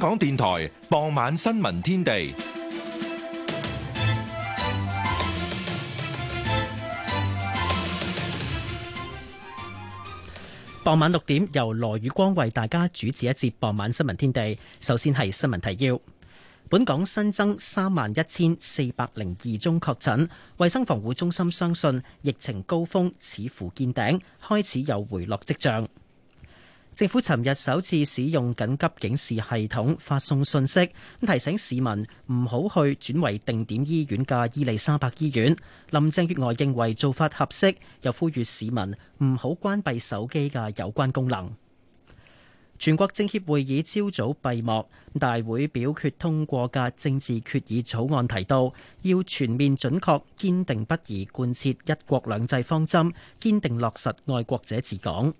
香港電台傍晚新聞天地。傍晚六點，由羅宇光為大家主持一節傍晚新聞天地。首先係新聞提要：本港新增三萬一千四百零二宗確診，衛生防護中心相信疫情高峰似乎見頂，開始有回落跡象。政府尋日首次使用緊急警示系統發送信息，提醒市民唔好去轉為定點醫院嘅伊利沙伯醫院。林鄭月娥認為做法合適，又呼籲市民唔好關閉手機嘅有關功能。全國政協會議朝早閉幕，大會表決通過嘅政治決議草案提到，要全面準確、堅定不移貫徹一國兩制方針，堅定落實愛國者治港。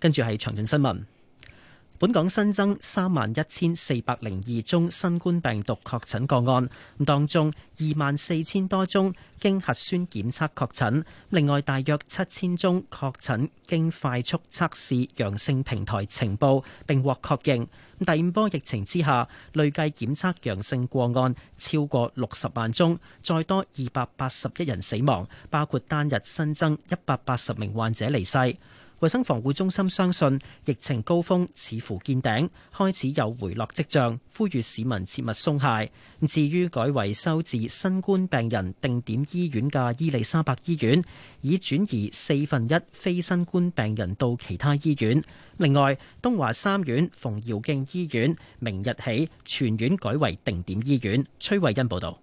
跟住係長段新聞，本港新增三萬一千四百零二宗新冠病毒確診個案，咁當中二萬四千多宗經核酸檢測確診，另外大約七千宗確診經快速測試陽性平台呈報，並獲確認。第五波疫情之下，累計檢測陽性個案超過六十萬宗，再多二百八十一人死亡，包括單日新增一百八十名患者離世。衛生防護中心相信疫情高峰似乎見頂，開始有回落迹象，呼籲市民切勿鬆懈。至於改為收治新冠病人定點醫院嘅伊利沙伯醫院，已轉移四分一非新冠病人到其他醫院。另外，東華三院馮堯敬醫院明日起全院改為定點醫院。崔慧欣報道。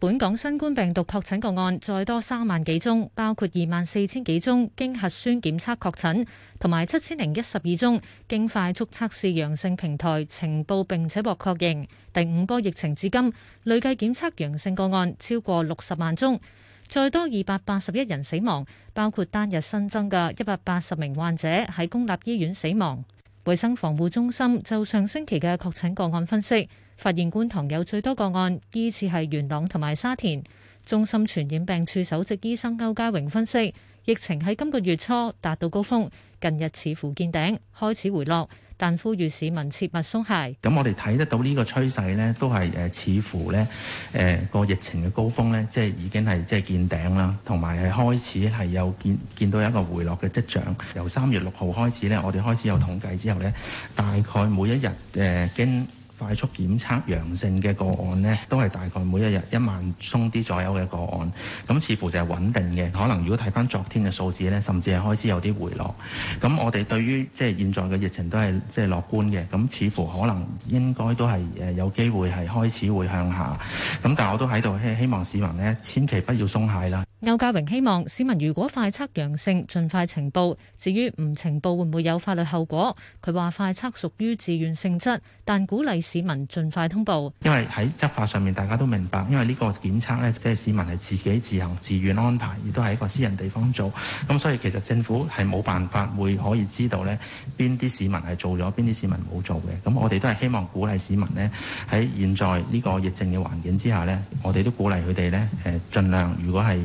本港新冠病毒確診個案再多三萬幾宗，包括二萬四千幾宗經核酸檢測確診，同埋七千零一十二宗經快速測試陽性平台呈報並且獲確認。第五波疫情至今累計檢測陽性個案超過六十萬宗，再多二百八十一人死亡，包括單日新增嘅一百八十名患者喺公立醫院死亡。衛生防護中心就上星期嘅確診個案分析。發現觀塘有最多個案，依次係元朗同埋沙田。中心傳染病處首席醫生歐家榮分析，疫情喺今個月初達到高峰，近日似乎見頂，開始回落，但呼籲市民切勿鬆懈。咁我哋睇得到呢個趨勢呢，都係誒似乎呢誒個、呃、疫情嘅高峰呢，即係已經係即係見頂啦，同埋係開始係有見見到一個回落嘅跡象。由三月六號開始呢，我哋開始有統計之後呢，大概每一日誒經快速檢測陽性嘅個案呢，都係大概每一日一萬宗啲左右嘅個案，咁似乎就係穩定嘅。可能如果睇返昨天嘅數字呢，甚至係開始有啲回落。咁我哋對於即係現在嘅疫情都係即係樂觀嘅。咁似乎可能應該都係誒有機會係開始會向下。咁但係我都喺度希望市民呢，千祈不要鬆懈啦。歐家榮希望市民如果快測陽性，盡快呈報。至於唔呈報會唔會有法律後果，佢話快測屬於自願性質，但鼓勵市民盡快通報。因為喺執法上面，大家都明白，因為呢個檢測呢，即係市民係自己自行自願安排，亦都係一個私人地方做。咁所以其實政府係冇辦法會可以知道呢邊啲市民係做咗，邊啲市民冇做嘅。咁我哋都係希望鼓勵市民呢，喺現在呢個疫症嘅環境之下呢，我哋都鼓勵佢哋呢，誒盡量如果係。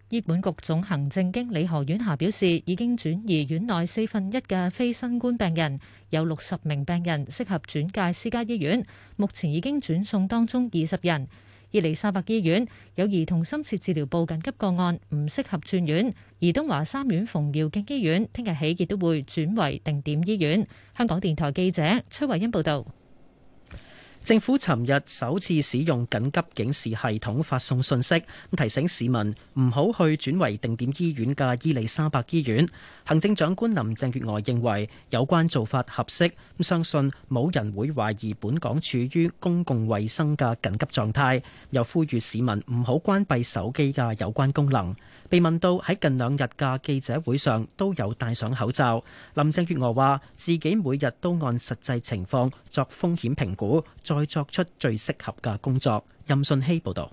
醫管局總行政經理何婉霞表示，已經轉移院內四分一嘅非新冠病人，有六十名病人適合轉介私家醫院，目前已經轉送當中二十人。伊麗莎白醫院有兒童深切治療部緊急個案，唔適合轉院。而東華三院馮耀敬醫院聽日起亦都會轉為定點醫院。香港電台記者崔慧欣報道。政府尋日首次使用緊急警示系統發送信息，提醒市民唔好去轉為定點醫院嘅伊利沙伯醫院。行政長官林鄭月娥認為有關做法合適，相信冇人會懷疑本港處於公共衞生嘅緊急狀態。又呼籲市民唔好關閉手機嘅有關功能。被問到喺近兩日嘅記者會上都有戴上口罩，林鄭月娥話自己每日都按實際情況作風險評估。再作出最適合嘅工作。任信希報道，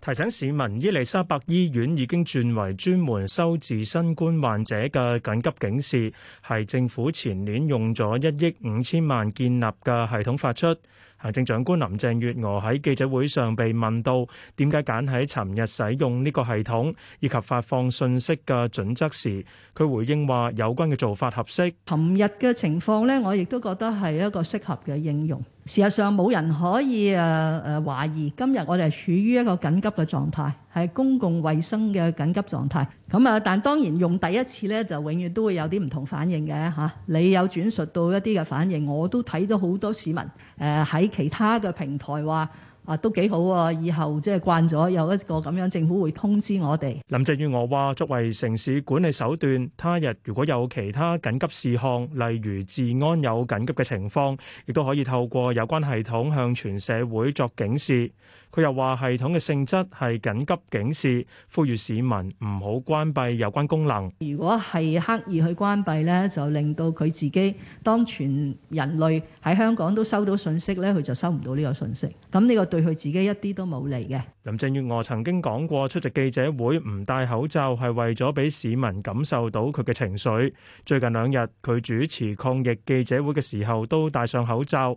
提醒市民：伊利沙白醫院已經轉為專門收治新冠患者嘅緊急警示，係政府前年用咗一億五千萬建立嘅系統發出。行政長官林鄭月娥喺記者會上被問到點解揀喺尋日使用呢個系統以及發放信息嘅準則時，佢回應話：有關嘅做法合適。尋日嘅情況呢，我亦都覺得係一個適合嘅應用。事實上冇人可以誒誒懷疑，今日我哋係處於一個緊急嘅狀態，係公共衛生嘅緊急狀態。咁啊，但當然用第一次呢，就永遠都會有啲唔同反應嘅嚇。你有轉述到一啲嘅反應，我都睇到好多市民。誒喺其他嘅平台話啊都幾好啊，以後即係慣咗有一個咁樣，政府會通知我哋。林鄭月娥話：作為城市管理手段，他日如果有其他緊急事項，例如治安有緊急嘅情況，亦都可以透過有關系統向全社會作警示。佢又話，系統嘅性質係緊急警示，呼籲市民唔好關閉有關功能。如果係刻意去關閉呢，就令到佢自己當全人類喺香港都收到信息呢，佢就收唔到呢個信息。咁呢個對佢自己一啲都冇利嘅。林鄭月娥曾經講過，出席記者會唔戴口罩係為咗俾市民感受到佢嘅情緒。最近兩日，佢主持抗疫記者會嘅時候都戴上口罩。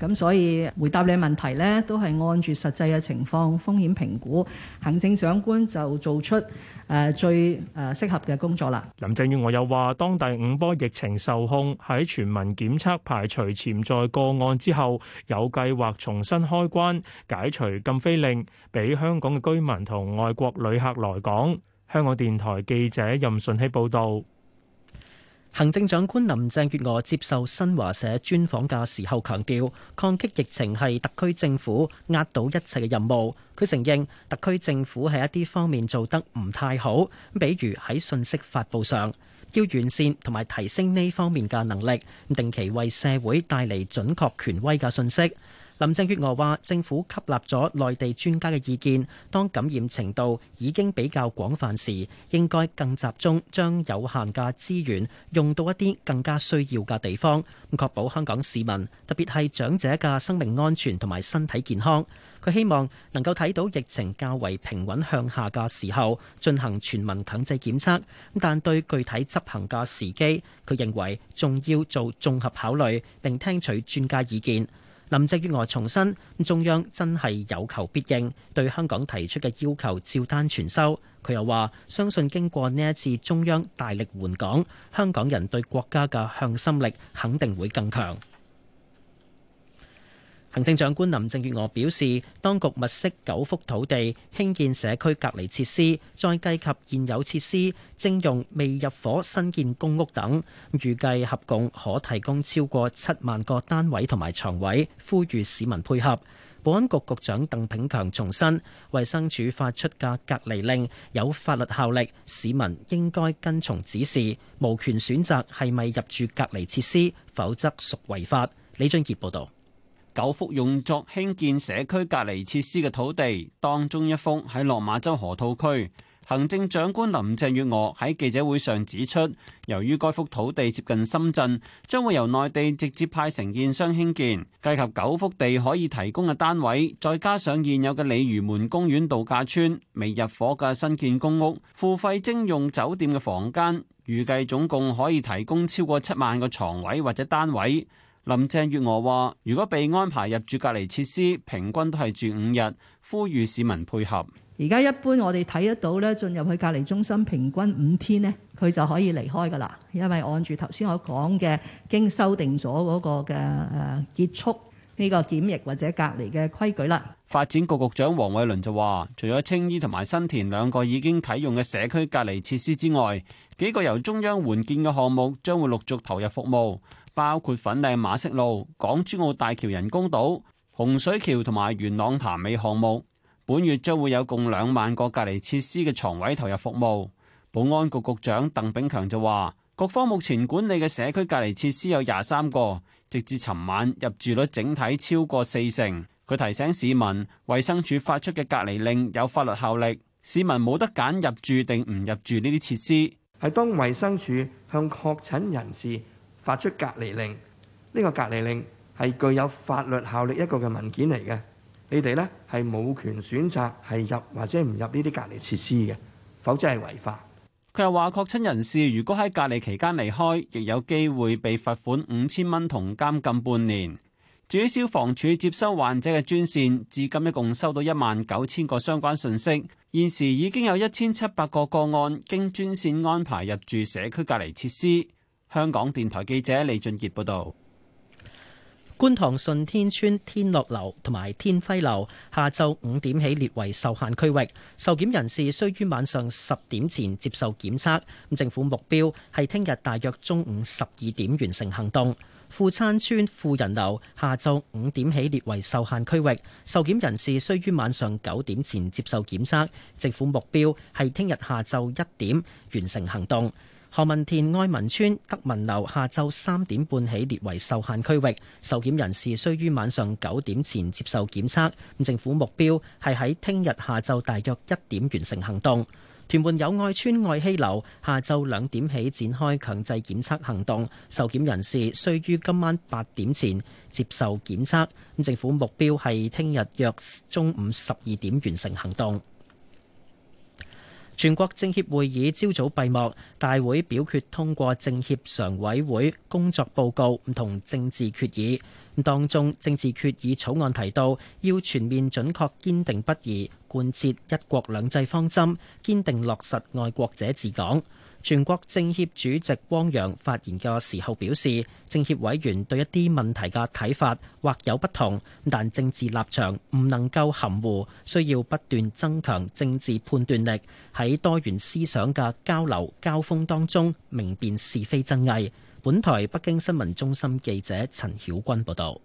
咁所以回答你問題咧，都係按住實際嘅情況風險評估，行政長官就做出誒最誒適合嘅工作啦。林鄭月娥又話：當第五波疫情受控，喺全民檢測排除潛在個案之後，有計劃重新開關解除禁飛令，俾香港嘅居民同外國旅客來港。香港電台記者任順熙報導。行政長官林鄭月娥接受新華社專訪嘅時候強調，抗擊疫情係特區政府壓倒一切嘅任務。佢承認特區政府喺一啲方面做得唔太好，比如喺信息發佈上，要完善同埋提升呢方面嘅能力，定期為社會帶嚟準確權威嘅信息。林鄭月娥話政府吸納咗內地專家嘅意見，當感染程度已經比較廣泛時，應該更集中將有限嘅資源用到一啲更加需要嘅地方，確保香港市民，特別係長者嘅生命安全同埋身體健康。佢希望能夠睇到疫情較為平穩向下嘅時候進行全民強制檢測，但對具體執行嘅時機，佢認為仲要做綜合考慮，並聽取專家意見。林鄭月娥重申，中央真係有求必應，對香港提出嘅要求照單全收。佢又話，相信經過呢一次中央大力援港，香港人對國家嘅向心力肯定會更強。行政長官林鄭月娥表示，當局物色九幅土地興建社區隔離設施，再計及現有設施徵用未入伙新建公屋等，預計合共可提供超過七萬個單位同埋床位。呼籲市民配合。保安局局長鄧炳強重申，衛生署發出嘅隔離令有法律效力，市民應該跟從指示，無權選擇係咪入住隔離設施，否則屬違法。李俊杰報道。九幅用作興建社區隔離設施嘅土地，當中一幅喺落馬洲河套區。行政長官林鄭月娥喺記者會上指出，由於該幅土地接近深圳，將會由內地直接派承建商興建。計及九幅地可以提供嘅單位，再加上現有嘅鯉魚門公園度假村未入伙嘅新建公屋，付費徵用酒店嘅房間，預計總共可以提供超過七萬個床位或者單位。林鄭月娥話：如果被安排入住隔離設施，平均都係住五日，呼籲市民配合。而家一般我哋睇得到咧，進入去隔離中心平均五天咧，佢就可以離開噶啦，因為按住頭先我講嘅經修訂咗嗰個嘅誒結束呢個檢疫或者隔離嘅規矩啦。發展局局長黃偉綸就話：除咗青衣同埋新田兩個已經啟用嘅社區隔離設施之外，幾個由中央援建嘅項目將會陸續投入服務。包括粉嶺馬適路、港珠澳大橋人工島、洪水橋同埋元朗潭尾項目，本月將會有共兩萬個隔離設施嘅床位投入服務。保安局局長鄧炳強就話，局方目前管理嘅社區隔離設施有廿三個，直至尋晚入住率整體超過四成。佢提醒市民，衛生署發出嘅隔離令有法律效力，市民冇得揀入住定唔入住呢啲設施，係當衛生署向確診人士發出隔離令，呢個隔離令係具有法律效力一個嘅文件嚟嘅。你哋呢係冇權選擇係入或者唔入呢啲隔離設施嘅，否則係違法。佢又話：確診人士如果喺隔離期間離開，亦有機會被罰款五千蚊同監禁半年。至於消防處接收患者嘅專線，至今一共收到一萬九千個相關信息。現時已經有一千七百個個案經專線安排入住社區隔離設施。香港電台記者李俊杰報道：觀塘順天村天樂樓同埋天輝樓下晝五點起列為受限區域，受檢人士需於晚上十點前接受檢測。咁政府目標係聽日大約中午十二點完成行動。富山村富人樓下晝五點起列為受限區域，受檢人士需於晚上九點前接受檢測。政府目標係聽日下晝一點完成行動。何文田愛民村德民樓下晝三點半起列為受限區域，受檢人士需於晚上九點前接受檢測。政府目標係喺聽日下晝大約一點完成行動。屯門友愛村愛禧樓下晝兩點起展開強制檢測行動，受檢人士需於今晚八點前接受檢測。政府目標係聽日約中午十二點完成行動。全國政協會議朝早閉幕，大會表決通過政協常委會工作報告唔同政治決議。咁當中政治決議草案提到，要全面準確堅定不移貫徹一國兩制方針，堅定落實愛國者治港。全國政協主席汪洋發言嘅時候表示，政協委員對一啲問題嘅睇法或有不同，但政治立場唔能夠含糊，需要不斷增強政治判斷力，喺多元思想嘅交流交鋒當中，明辨是非真偽。本台北京新聞中心記者陳曉君報道。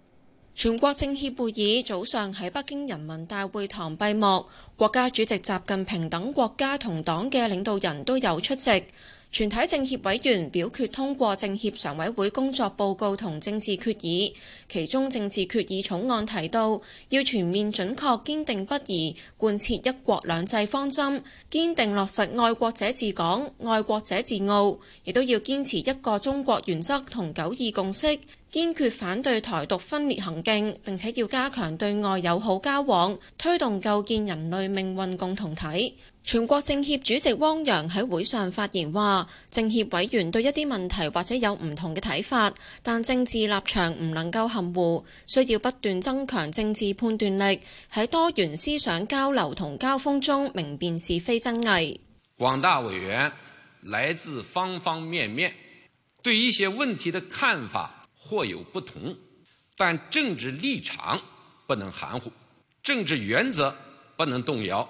全國政協會議早上喺北京人民大會堂閉幕，國家主席習近平等國家同黨嘅領導人都有出席。全體政協委員表決通過政協常委會工作報告同政治決議，其中政治決議草案提到，要全面準確堅定不移貫徹一國兩制方針，堅定落實愛國者治港、愛國者治澳，亦都要堅持一個中國原則同九二共識，堅決反對台獨分裂行徑，並且要加強對外友好交往，推動構建人類命運共同體。全國政協主席汪洋喺會上發言話，政協委員對一啲問題或者有唔同嘅睇法，但政治立場唔能夠含糊，需要不斷增強政治判斷力，喺多元思想交流同交鋒中明辨是非真偽。廣大委員來自方方面面，對一些問題的看法或有不同，但政治立場不能含糊，政治原則不能動搖。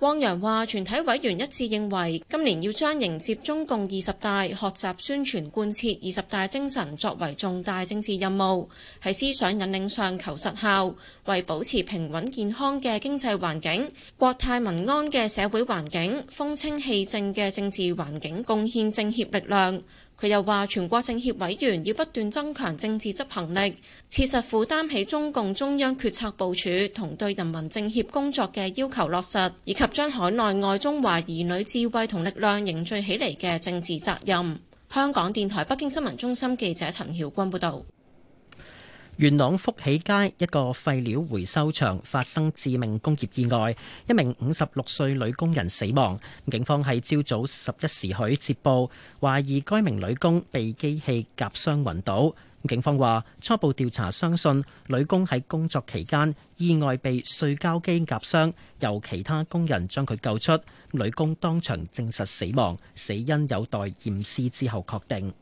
汪洋話：全體委員一致認為，今年要將迎接中共二十大、學習宣傳貫徹二十大精神作為重大政治任務，喺思想引領上求實效，為保持平穩健康嘅經濟環境、國泰民安嘅社會環境、風清氣正嘅政治環境，貢獻政協力量。佢又話：全國政協委員要不斷增強政治執行力，切實負擔起中共中央決策部署同對人民政協工作嘅要求落實，以及將海內外中華兒女智慧同力量凝聚起嚟嘅政治責任。香港電台北京新聞中心記者陳曉君報道。元朗福喜街一個廢料回收場發生致命工業意外，一名五十六歲女工人死亡。警方喺朝早十一時許接報懷疑該名女工被機器夾傷暈倒。警方話，初步調查相信女工喺工作期間意外被碎膠機夾傷，由其他工人將佢救出，女工當場證實死亡，死因有待驗屍之後確定。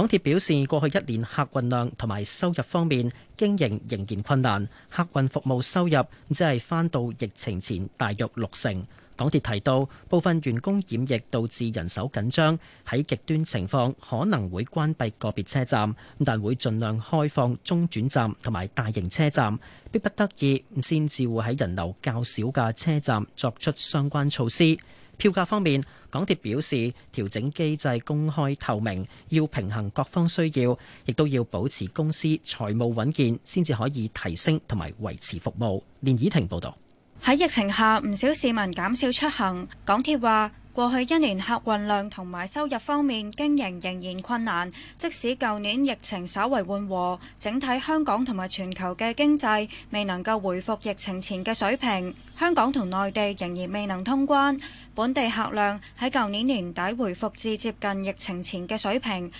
港鐵表示，過去一年客運量同埋收入方面經營仍然困難，客運服務收入只係翻到疫情前大約六成。港鐵提到，部分員工染疫導致人手緊張，喺極端情況可能會關閉個別車站，但會盡量開放中轉站同埋大型車站，逼不得已先至會喺人流較少嘅車站作出相關措施。票價方面，港鐵表示調整機制公開透明，要平衡各方需要，亦都要保持公司財務穩健，先至可以提升同埋維持服務。連綺婷報道。喺疫情下，唔少市民減少出行，港鐵話，過去一年客運量、同埋收入方面經營仍然困難，即使舊年疫情稍為緩和，整體香港同埋全球嘅經濟未能夠回復疫情前嘅水平，香港同內地仍然未能通關，本地客量喺舊年年底回復至接近疫情前嘅水平。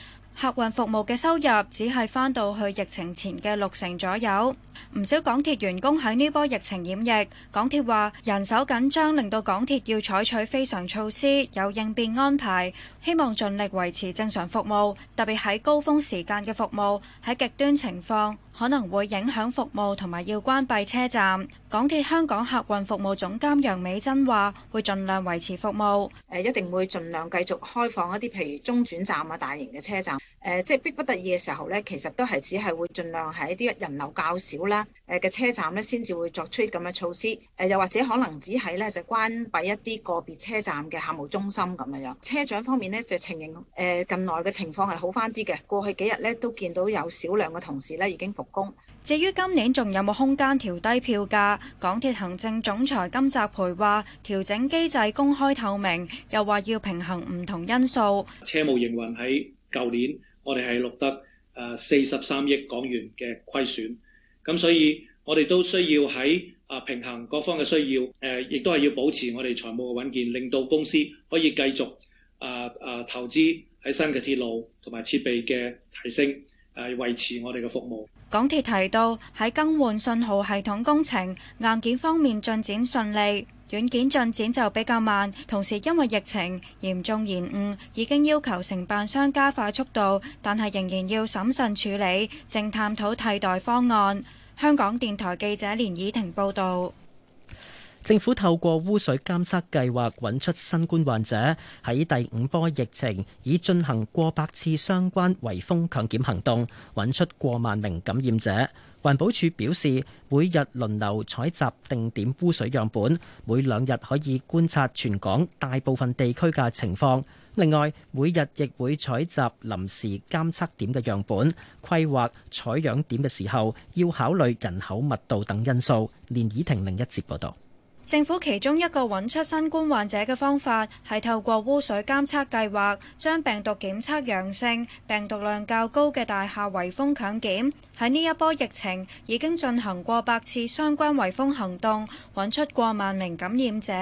客運服務嘅收入只係翻到去疫情前嘅六成左右，唔少港鐵員工喺呢波疫情染疫。港鐵話人手緊張，令到港鐵要採取非常措施，有應變安排，希望盡力維持正常服務，特別喺高峰時間嘅服務，喺極端情況。可能會影響服務同埋要關閉車站，港鐵香港客運服務總監楊美珍話會盡量維持服務。誒，一定會盡量繼續開放一啲，譬如中轉站啊、大型嘅車站。誒、呃、即係迫不得已嘅時候咧，其實都係只係會盡量喺啲人流較少啦誒嘅車站咧，先至會作出咁嘅措施。誒、呃、又或者可能只係咧就關閉一啲個別車站嘅客務中心咁樣樣。車長方面咧就情形誒、呃、近來嘅情況係好翻啲嘅，過去幾日咧都見到有少量嘅同事咧已經復。至於今年仲有冇空間調低票價？港鐵行政總裁金澤培話：調整機制公開透明，又話要平衡唔同因素。車務營運喺舊年我哋係錄得誒四十三億港元嘅虧損，咁所以我哋都需要喺啊平衡各方嘅需要，誒亦都係要保持我哋財務嘅穩健，令到公司可以繼續啊啊投資喺新嘅鐵路同埋設備嘅提升，誒維持我哋嘅服務。港鐵提到喺更換信號系統工程硬件方面進展順利，軟件進展就比較慢。同時因為疫情嚴重延誤，已經要求承辦商加快速度，但係仍然要審慎處理，正探討替代，代方案。香港電台記者連以婷報導。政府透過污水監測計劃揾出新冠患者喺第五波疫情，已進行過百次相關圍封強檢行動，揾出過萬名感染者。環保署表示，每日輪流採集定點污水樣本，每兩日可以觀察全港大部分地區嘅情況。另外，每日亦會採集臨時監測點嘅樣本，規劃採樣點嘅時候要考慮人口密度等因素。連以婷另一節報道。政府其中一個揾出新冠患者嘅方法，係透過污水監測計劃，將病毒檢測陽性、病毒量較高嘅大廈圍封強檢。喺呢一波疫情，已經進行過百次相關圍封行動，揾出過萬名感染者。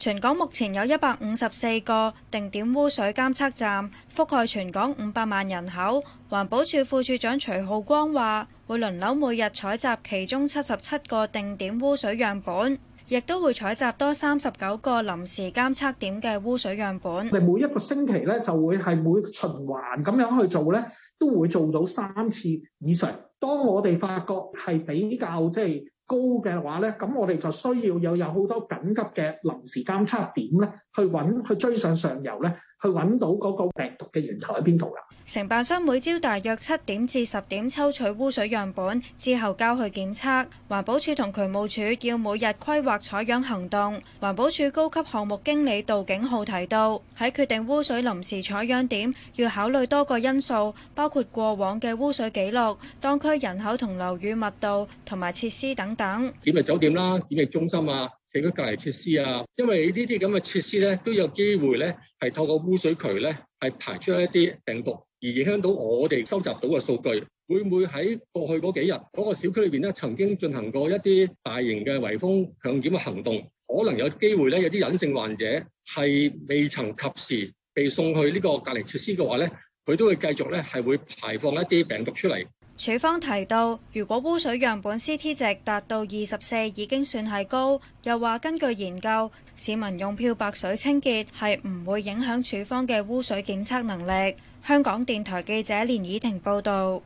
全港目前有一百五十四個定點污水監測站，覆蓋全港五百萬人口。環保署副署長徐浩光話，會輪流每日採集其中七十七個定點污水樣本。亦都會採集多三十九個臨時監測點嘅污水樣本。我每一個星期咧，就會係每循環咁樣去做咧，都會做到三次以上。當我哋發覺係比較即係高嘅話咧，咁我哋就需要有有好多緊急嘅臨時監測點咧。去揾去追上上游咧，去揾到嗰個病毒嘅源頭喺邊度啦？承辦商每朝大約七點至十點抽取污水樣本，之後交去檢測。環保署同渠務署要每日規劃採樣行動。環保署高級項目經理杜景浩提到，喺決定污水臨時採樣點，要考慮多個因素，包括過往嘅污水記錄、當區人口同樓宇密度同埋設施等等。檢疫酒店啦，檢疫中心啊。整咗隔離設施啊，因為呢啲咁嘅設施咧，都有機會咧係透過污水渠咧係排出一啲病毒，而影響到我哋收集到嘅數據。會唔會喺過去嗰幾日嗰、那個小區裏邊咧曾經進行過一啲大型嘅圍封強檢嘅行動，可能有機會咧有啲隱性患者係未曾及時被送去呢個隔離設施嘅話咧，佢都會繼續咧係會排放一啲病毒出嚟。署方提到，如果污水樣本 C T 值達到二十四，已經算係高。又話根據研究，市民用漂白水清潔係唔會影響署方嘅污水檢測能力。香港電台記者連以婷報導。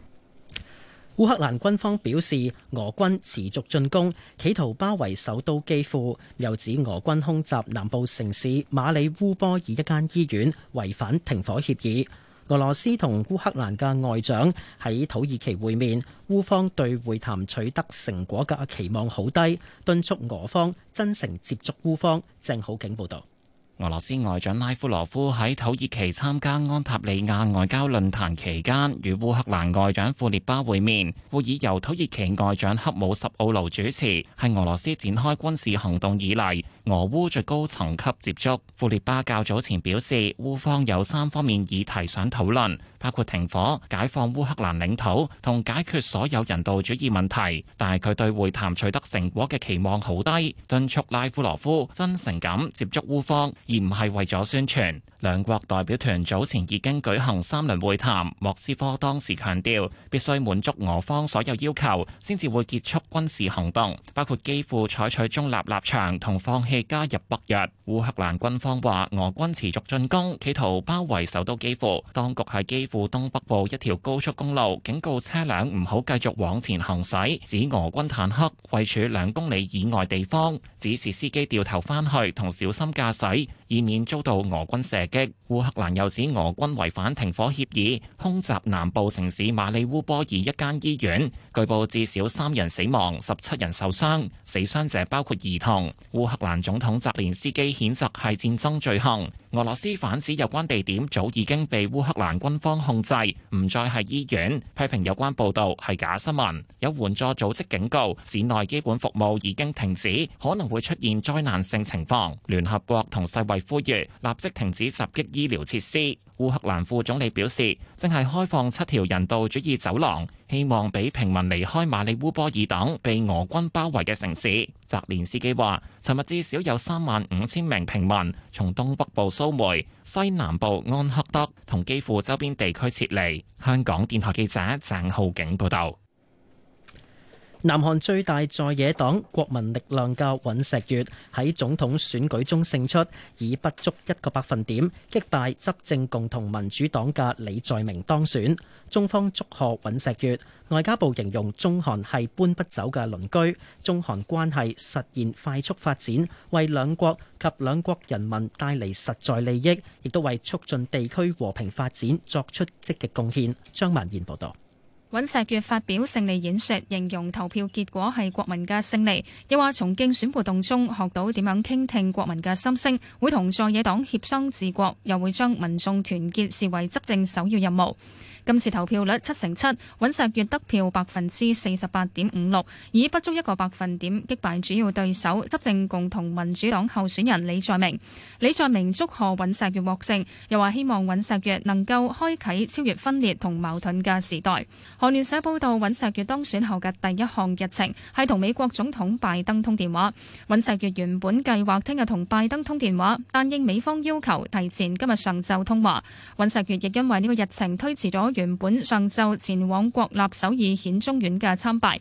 烏克蘭軍方表示，俄軍持續進攻，企圖包圍首都基輔。又指俄軍空襲南部城市馬里烏波爾一間醫院，違反停火協議。俄羅斯同烏克蘭嘅外長喺土耳其會面，烏方對會談取得成果嘅期望好低，敦促俄方真誠接觸烏方。正好警報道，俄羅斯外長拉夫羅夫喺土耳其參加安塔利亞外交論壇期間，與烏克蘭外長庫列巴會面。會議由土耳其外長恰武什奧盧主持，係俄羅斯展開軍事行動以嚟俄烏最高層級接觸，庫列巴較早前表示，烏方有三方面議題想討論，包括停火、解放烏克蘭領土同解決所有人道主義問題。但係佢對會談取得成果嘅期望好低。敦促拉夫羅夫真誠咁接觸烏方，而唔係為咗宣傳。兩國代表團早前已經舉行三輪會談，莫斯科當時強調必須滿足俄方所有要求，先至會結束軍事行動，包括基輔採取中立立場同放棄。加入北約。烏克蘭軍方話，俄軍持續進攻，企圖包圍首都基輔。當局喺基輔東北部一條高速公路警告車輛唔好繼續往前行駛，指俄軍坦克位處兩公里以外地方，指示司機掉頭翻去同小心駕駛，以免遭到俄軍射擊。烏克蘭又指俄軍違反停火協議，空襲南部城市馬里烏波爾一間醫院，據報至少三人死亡，十七人受傷，死傷者包括兒童。烏克蘭。總統澤連斯基譴責係戰爭罪行，俄羅斯反指有關地點早已經被烏克蘭軍方控制，唔再係醫院，批評有關報導係假新聞。有援助組織警告，市內基本服務已經停止，可能會出現災難性情況。聯合國同世衛呼籲立即停止襲擊醫療設施。烏克蘭副總理表示，正係開放七條人道主義走廊，希望俾平民離開馬里烏波爾等被俄軍包圍嘅城市。澤連斯基話，尋日至少有三萬五千名平民從東北部蘇梅、西南部安克德同基輔周邊地區撤離。香港電台記者鄭浩景報道。南韓最大在野黨國民力量嘅尹石月喺總統選舉中勝出，以不足一個百分點擊敗執政共同民主黨嘅李在明當選。中方祝賀尹石月，外交部形容中韓係搬不走嘅鄰居，中韓關係實現快速發展，為兩國及兩國人民帶嚟實在利益，亦都為促進地區和平發展作出積極貢獻。張曼燕報道。尹錫悅發表勝利演說，形容投票結果係國民嘅勝利，又話從競選活動中學到點樣傾聽國民嘅心聲，會同在野黨協商治國，又會將民眾團結視為執政首要任務。今次投票率七成七，尹錫悅得票百分之四十八點五六，以不足一個百分點擊敗主要對手執政共同民主黨候選人李在明。李在明祝賀尹錫悅獲勝，又話希望尹錫悅能夠開啟超越分裂同矛盾嘅時代。韓聯社報道，尹錫悅當選後嘅第一項日程係同美國總統拜登通電話。尹錫悅原本計劃聽日同拜登通電話，但應美方要求提前今日上晝通話。尹錫悅亦因為呢個日程推遲咗。原本上晝前往國立首爾顯忠院嘅參拜。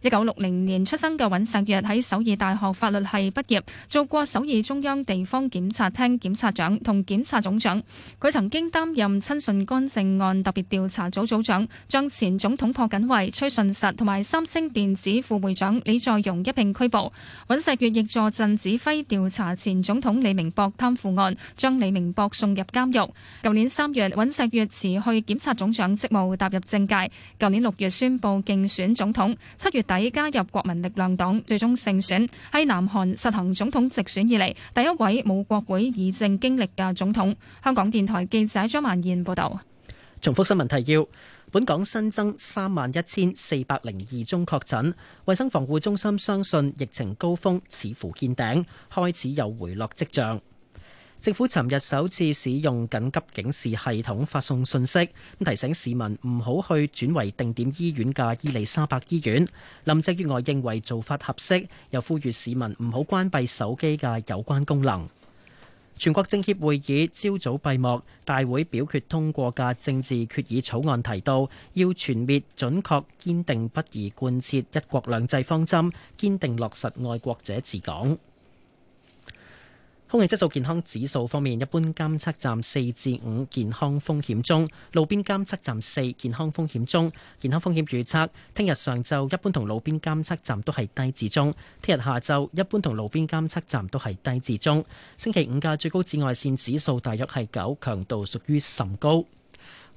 一九六零年出生嘅尹錫悅喺首爾大學法律系畢業，做過首爾中央地方檢察廳檢察長同檢察總長。佢曾經擔任親信幹政案特別調查組組長，將前總統朴槿惠、崔順實同埋三星電子副會長李在容一並拘捕。尹錫悅亦坐陣指揮調查前總統李明博貪腐案，將李明博送入監獄。舊年三月，尹錫悅辭去檢察總長職務，踏入政界。舊年六月宣布競選總統，七月底加入國民力量黨，最終勝選，喺南韓實行總統直選以嚟，第一位冇國會議政經歷嘅總統。香港電台記者張曼燕報道。重複新聞提要：本港新增三萬一千四百零二宗確診，衛生防護中心相信疫情高峰似乎見頂，開始有回落跡象。政府尋日首次使用緊急警示系統發送信息，咁提醒市民唔好去轉為定點醫院嘅伊利沙伯醫院。林鄭月娥認為做法合適，又呼籲市民唔好關閉手機嘅有關功能。全國政協會議朝早閉幕，大會表決通過嘅政治決議草案提到，要全面準確堅定不移貫徹一國兩制方針，堅定落實愛國者治港。空氣質素健康指數方面，一般監測站四至五，健康風險中；路邊監測站四，健康風險中。健康風險預測：聽日上晝一般同路邊監測站都係低至中；聽日下晝一般同路邊監測站都係低至中。星期五嘅最高紫外線指數大約係九，強度屬於甚高。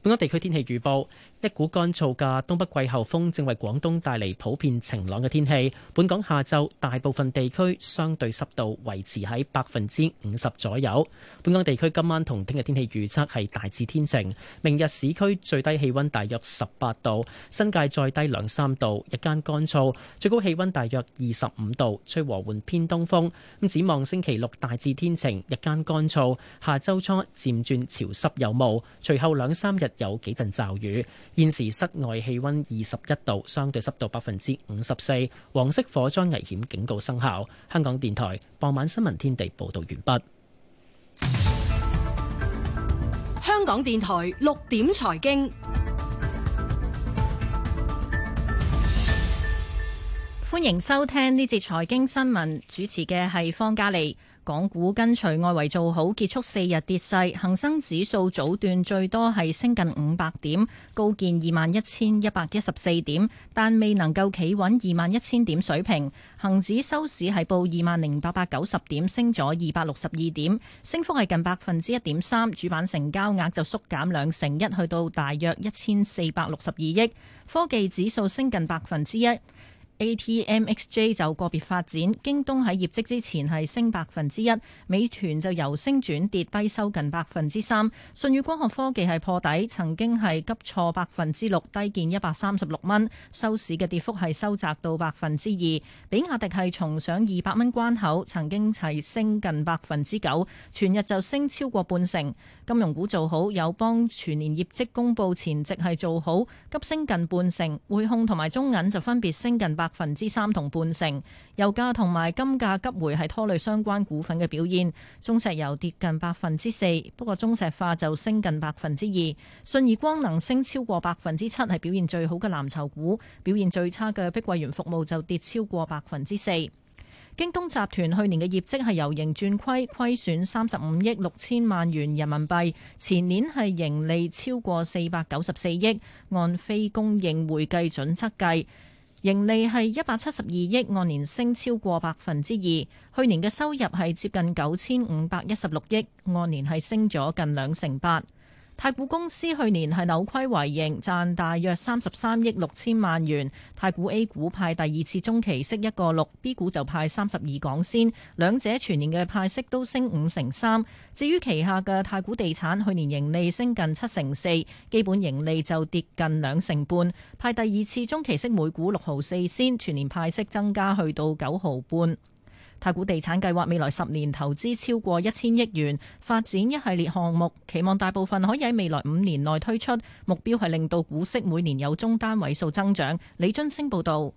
本港地區天氣預報。一股乾燥嘅東北季候風正為廣東帶嚟普遍晴朗嘅天氣。本港下晝大部分地區相對濕度維持喺百分之五十左右。本港地區今晚同聽日天氣預測係大致天晴。明日市區最低氣溫大約十八度，新界再低兩三度。日間乾燥，最高氣溫大約二十五度，吹和緩偏東風。咁展望星期六大致天晴，日間乾燥。下週初漸轉潮濕有霧，隨後兩三日有幾陣驟雨。現時室外氣溫二十一度，相對濕度百分之五十四，黃色火災危險警告生效。香港電台傍晚新聞天地報道完畢。香港電台六點財經，歡迎收聽呢節財經新聞，主持嘅係方嘉莉。港股跟隨外圍做好，結束四日跌勢。恒生指數早段最多係升近五百點，高見二萬一千一百一十四點，但未能夠企穩二萬一千點水平。恒指收市係報二萬零八百九十點，升咗二百六十二點，升幅係近百分之一點三。主板成交額就縮減兩成一，去到大約一千四百六十二億。科技指數升近百分之一。ATMXJ 就個別發展，京東喺業績之前係升百分之一，美團就由升轉跌，低收近百分之三。舜宇光學科技係破底，曾經係急挫百分之六，低見一百三十六蚊，收市嘅跌幅係收窄到百分之二。比亞迪係重上二百蚊關口，曾經齊升近百分之九，全日就升超過半成。金融股做好，友邦全年業績公布前夕係做好，急升近半成；匯控同埋中銀就分別升近百分之三同半成。油價同埋金價急回係拖累相關股份嘅表現，中石油跌近百分之四，不過中石化就升近百分之二。信義光能升超過百分之七係表現最好嘅藍籌股，表現最差嘅碧桂園服務就跌超過百分之四。京東集團去年嘅業績係由盈轉虧，虧損三十五億六千萬元人民幣。前年係盈利超過四百九十四億，按非公認會計準則計，盈利係一百七十二億，按年升超過百分之二。去年嘅收入係接近九千五百一十六億，按年係升咗近兩成八。太古公司去年係扭虧為盈，賺大約三十三億六千萬元。太古 A 股派第二次中期息一個六，B 股就派三十二港仙，兩者全年嘅派息都升五成三。至於旗下嘅太古地產，去年盈利升近七成四，基本盈利就跌近兩成半，派第二次中期息每股六毫四仙，全年派息增加去到九毫半。太古地產計劃未來十年投資超過一千億元，發展一系列項目，期望大部分可以喺未來五年內推出。目標係令到股息每年有中單位數增長。李津升報導。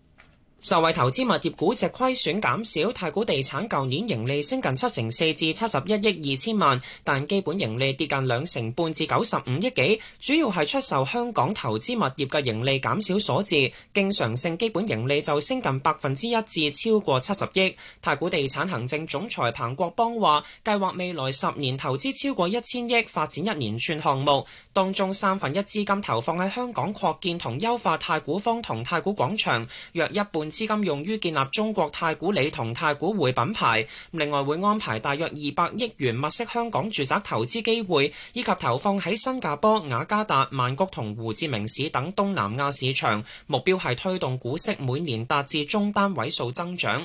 受惠投資物業估值虧損減少，太古地產舊年盈利升近七成四至七十一億二千萬，但基本盈利跌近兩成半至九十五億幾，主要係出售香港投資物業嘅盈利減少所致。經常性基本盈利就升近百分之一至超過七十億。太古地產行政總裁彭國邦話：計劃未來十年投資超過一千億，發展一連串項目，當中三分一資金投放喺香港擴建同優化太古坊同太古廣場，約一半，資金用於建立中國太古里同太古匯品牌，另外會安排大約二百億元物色香港住宅投資機會，以及投放喺新加坡、雅加達、曼谷同胡志明市等東南亞市場，目標係推動股息每年達至中單位數增長。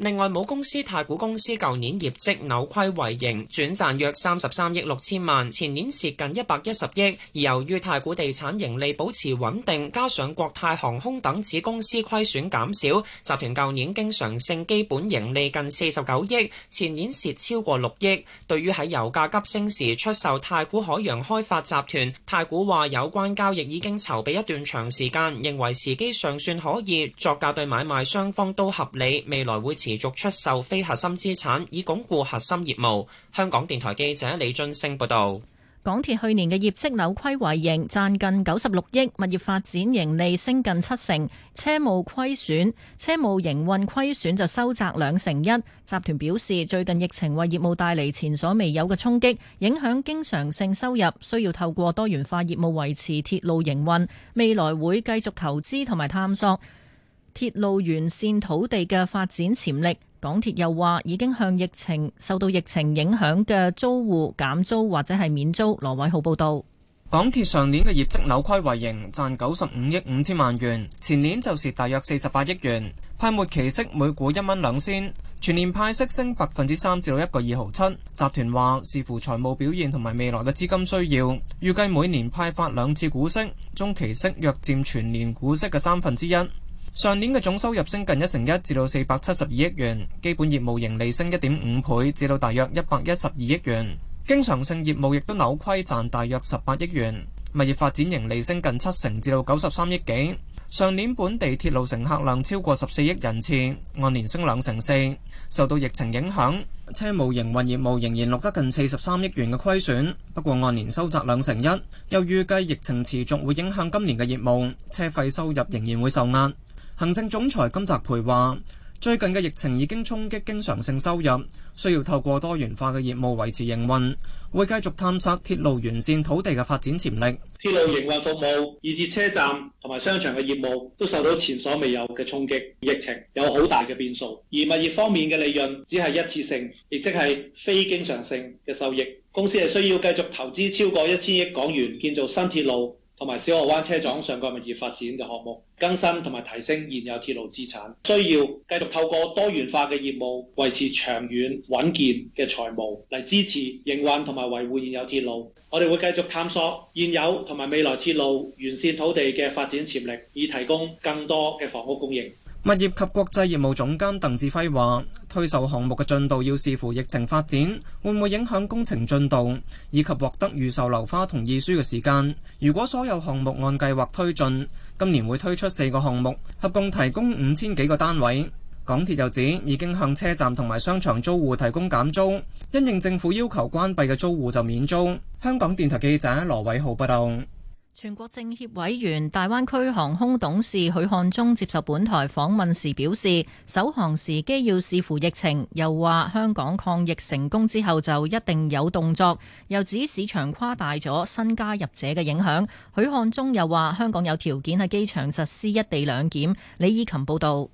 另外，母公司太古公司舊年業績扭虧為盈，轉賺約三十三億六千萬，前年蝕近一百一十億。而由於太古地產盈利保持穩定，加上國泰航空等子公司虧損減少，集團舊年經常性基本盈利近四十九億，前年蝕超過六億。對於喺油價急升時出售太古海洋開發集團，太古話有關交易已經籌備一段長時間，認為時機尚算可以，作價對買賣雙方都合理，未來會持續出售非核心資產，以鞏固核心業務。香港電台記者李俊升報道，港鐵去年嘅業績扭虧為盈，賺近九十六億，物業發展盈利升近七成，車務虧損，車務營運虧損就收窄兩成一。集團表示，最近疫情為業務帶嚟前所未有嘅衝擊，影響經常性收入，需要透過多元化業務維持鐵路營運。未來會繼續投資同埋探索。鐵路沿線土地嘅發展潛力，港鐵又話已經向疫情受到疫情影響嘅租戶減租或者係免租。羅偉浩報道，港鐵上年嘅業績扭虧為盈，賺九十五億五千萬元。前年就蝕大約四十八億元，派末期息每股一蚊兩仙，全年派息升百分之三至到一個二毫七。集團話視乎財務表現同埋未來嘅資金需要，預計每年派發兩次股息，中期息約佔全年股息嘅三分之一。上年嘅總收入升近一成一，至到四百七十二億元；基本業務盈利升一點五倍，至到大約一百一十二億元。經常性業務亦都扭虧賺大約十八億元。物業發展盈利升近七成，至到九十三億幾。上年本地鐵路乘客量超過十四億人次，按年升兩成四。受到疫情影響，車務營運業務仍然錄得近四十三億元嘅虧損，不過按年收窄兩成一。又預計疫情持續會影響今年嘅業務，車費收入仍然會受壓。行政總裁金澤培話，最近嘅疫情已經衝擊經常性收入，需要透過多元化嘅業務維持營運，會繼續探索鐵路沿線土地嘅發展潛力。鐵路營運服務，以至車站同埋商場嘅業務都受到前所未有嘅衝擊，疫情有好大嘅變數。而物業方面嘅利潤只係一次性，亦即係非經常性嘅收益。公司係需要繼續投資超過一千億港元建造新鐵路。同埋小蠔灣車廠上蓋物業發展嘅項目，更新同埋提升現有鐵路資產，需要繼續透過多元化嘅業務維持長遠穩健嘅財務嚟支持營運同埋維護現有鐵路。我哋會繼續探索現有同埋未來鐵路沿線土地嘅發展潛力，以提供更多嘅房屋供應。物業及國際業務總監鄧志輝話，推售項目嘅進度要視乎疫情發展，會唔會影響工程進度，以及獲得預售樓花同意書嘅時間。如果所有項目按計劃推進，今年會推出四個項目，合共提供五千幾個單位。港鐵又指已經向車站同埋商場租戶提供減租，因應政府要求關閉嘅租戶就免租。香港電台記者羅偉浩報道。全國政協委員、大灣區航空董事許漢忠接受本台訪問時表示，首航時機要視乎疫情，又話香港抗疫成功之後就一定有動作，又指市場誇大咗新加入者嘅影響。許漢忠又話香港有條件喺機場實施一地兩檢。李以琴報道。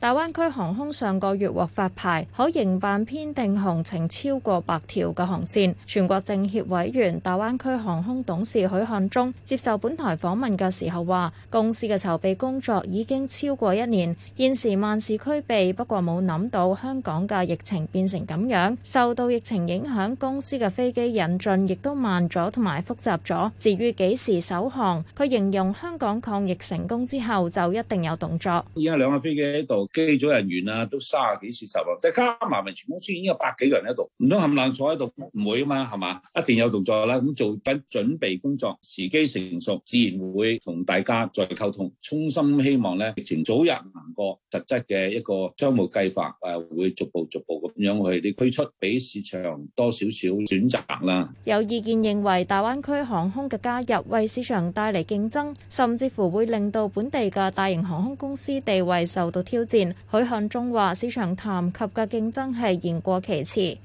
大灣區航空上個月獲發牌，可營辦編定航程超過百條嘅航線。全國政協委員、大灣區航空董事許漢忠接受本台訪問嘅時候話，公司嘅籌備工作已經超過一年，現時萬事俱備，不過冇諗到香港嘅疫情變成咁樣。受到疫情影響，公司嘅飛機引進亦都慢咗同埋複雜咗。至於幾時首航，佢形容香港抗疫成功之後就一定有動作。而家兩個飛機喺度。機組人員啊，都卅幾四十啊，大家埋埋，全公司已經有百幾個人喺度，唔通冚冷坐喺度？唔會啊嘛，係嘛？一定有動作啦。咁做緊準備工作，時機成熟，自然會同大家再溝通。衷心希望咧，疫情早日行過，實質嘅一個商務計劃誒，會逐步逐步咁樣去啲推出，俾市場多少少選擇啦。有意見認為大灣區航空嘅加入為市場帶嚟競爭，甚至乎會令到本地嘅大型航空公司地位受到挑戰。 許漢忠話，市場談及嘅競爭係言過其詞。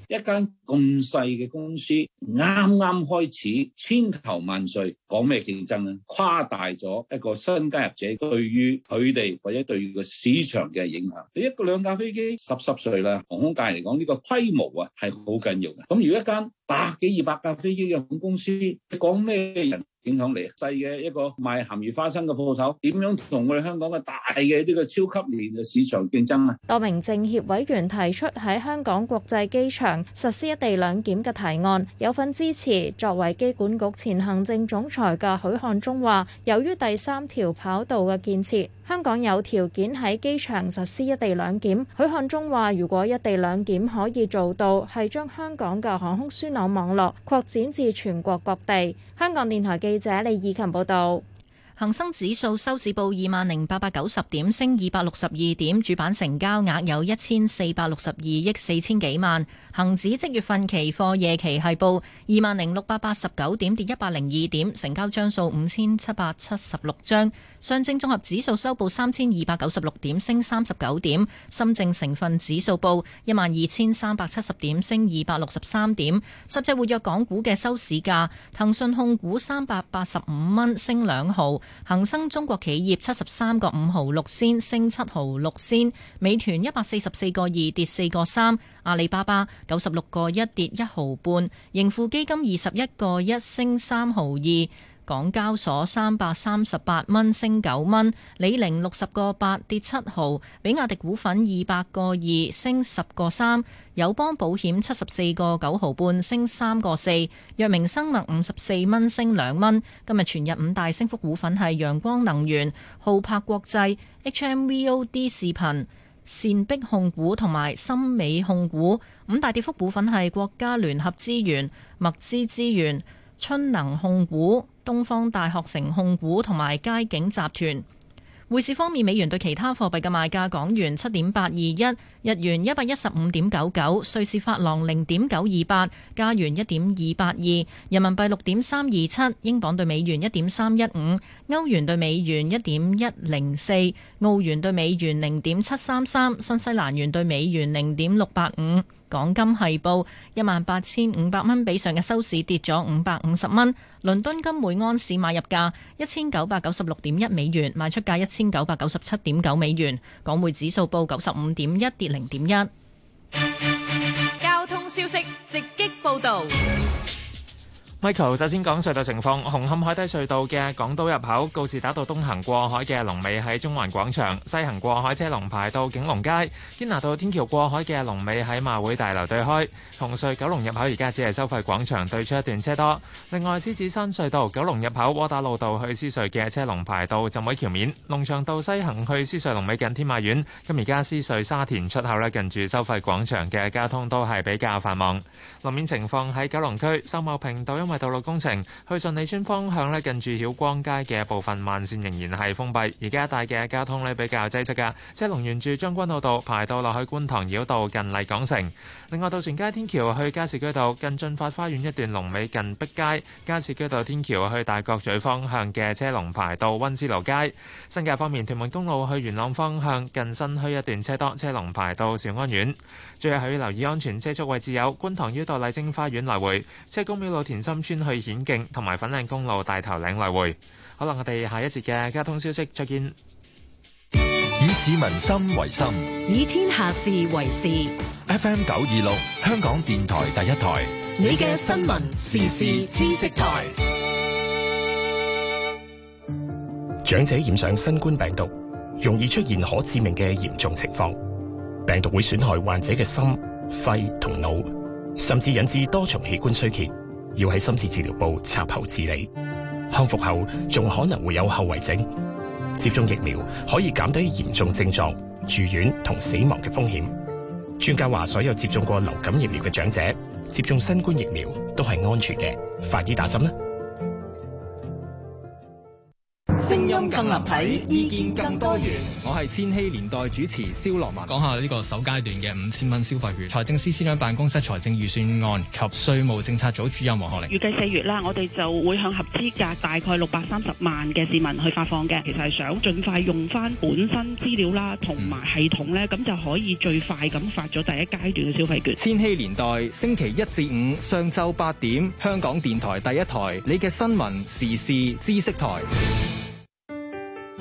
咁細嘅公司啱啱開始，千頭萬緒，講咩競爭咧？誇大咗一個新加入者對於佢哋或者對個市場嘅影響。你一個兩架飛機，十十歲啦，航空界嚟講呢個規模啊係好緊要嘅。咁如果一間百幾二百架飛機嘅航空公司，你講咩人影響嚟？細嘅一個賣鹹魚花生嘅鋪頭，點樣同我哋香港嘅大嘅呢個超級年嘅市場競爭啊？多名政協委員提出喺香港國際機場實施一地兩檢嘅提案有份支持，作為機管局前行政總裁嘅許漢忠話，由於第三條跑道嘅建設，香港有條件喺機場實施一地兩檢。許漢忠話，如果一地兩檢可以做到，係將香港嘅航空樞紐網絡擴展至全國各地。香港電台記者李以琴報道。恒生指數收市報二萬零八百九十點，升二百六十二點，主板成交額有一千四百六十二億四千幾萬。恒指即月份期貨夜期係報二萬零六百八十九點，跌一百零二點，成交張數五千七百七十六張。上證綜合指數收報三千二百九十六點，升三十九點。深證成分指數報一萬二千三百七十點，升二百六十三點。十隻活躍港股嘅收市價，騰訊控股三百八十五蚊，升兩毫。恒生中國企業七十三個五毫六仙，升七毫六仙，美團一百四十四個二跌四個三，阿里巴巴九十六個一跌一毫半，盈富基金二十一個一升三毫二。港交所三百三十八蚊升九蚊，李寧六十個八跌七毫，比亞迪股份二百個二升十個三，友邦保險七十四個九毫半升三個四，藥明生物五十四蚊升兩蚊。今日全日五大升幅股份係陽光能源、浩柏國際、HMVOD 視頻、善壁控股同埋森美控股。五大跌幅股份係國家聯合資源、麥資資源、春能控股。東方大學城控股同埋佳景集團。匯市方面，美元對其他貨幣嘅賣價：港元七點八二一，日元一百一十五點九九，瑞士法郎零點九二八，加元一點二八二，人民幣六點三二七，英鎊對美元一點三一五，歐元對美元一點一零四，澳元對美元零點七三三，新西蘭元對美元零點六八五。港金係報一萬八千五百蚊，比上嘅收市跌咗五百五十蚊。倫敦金每安士買入價一千九百九十六點一美元，賣出價一千九百九十七點九美元。港匯指數報九十五點一，跌零點一。交通消息直擊報道。Michael，首先講隧道情況。紅磡海底隧道嘅港島入口告士打道東行過海嘅龍尾喺中環廣場，西行過海車龍排到景隆街。堅拿道天橋過海嘅龍尾喺馬會大樓對開。紅隧九龍入口而家只係收費廣場對出一段車多。另外，獅子山隧道九龍入口窩打老道去獅隧嘅車龍排到浸會橋面。龍翔道西行去獅隧龍尾近天馬苑。咁而家獅隧沙田出口咧近住收費廣場嘅交通都係比較繁忙。路面情況喺九龍區，秀茂坪道因為道路工程去順利村方向咧，近住曉光街嘅部分慢線仍然係封閉，而家一帶嘅交通咧比較擠塞噶。車龍沿住將軍澳道排到落去觀塘繞道近麗港城。另外，渡船街天橋去加士居道近進發花園一段龍尾近碧街。加士居道天橋去大角咀方向嘅車龍排到溫思勞街。新界方面，屯門公路去元朗方向近新墟一段車多，車龍排到兆安苑。最後係要留意安全車速位置有觀塘繞道麗晶花園來回、車公廟路田心。專去險徑同埋粉嶺公路大頭嶺來回，好啦，我哋下一節嘅交通消息再見。以市民心為心，以天下事為事。FM 九二六，香港電台第一台，你嘅新聞，新聞時事知識台。長者染上新冠病毒，容易出現可致命嘅嚴重情況。病毒會損害患者嘅心、肺同腦，甚至引致多重器官衰竭。要喺深切治，治療部插喉治理，康復後仲可能會有後遺症。接種疫苗可以減低嚴重症狀、住院同死亡嘅風險。專家話，所有接種過流感疫苗嘅長者，接種新冠疫苗都係安全嘅，快啲打針啦！聲音更立體，意見更多元。我係千禧年代主持蕭樂文，講下呢個首階段嘅五千蚊消費券。財政司司長辦公室財政預算案及稅務政策組主任黃學玲預計四月啦，我哋就會向合資格大概六百三十萬嘅市民去發放嘅。其實係想盡快用翻本身資料啦，同埋系統咧，咁、嗯、就可以最快咁發咗第一階段嘅消費券。千禧年代星期一至五上晝八點，香港電台第一台，你嘅新聞時事知識台。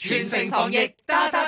全城防疫，噠噠。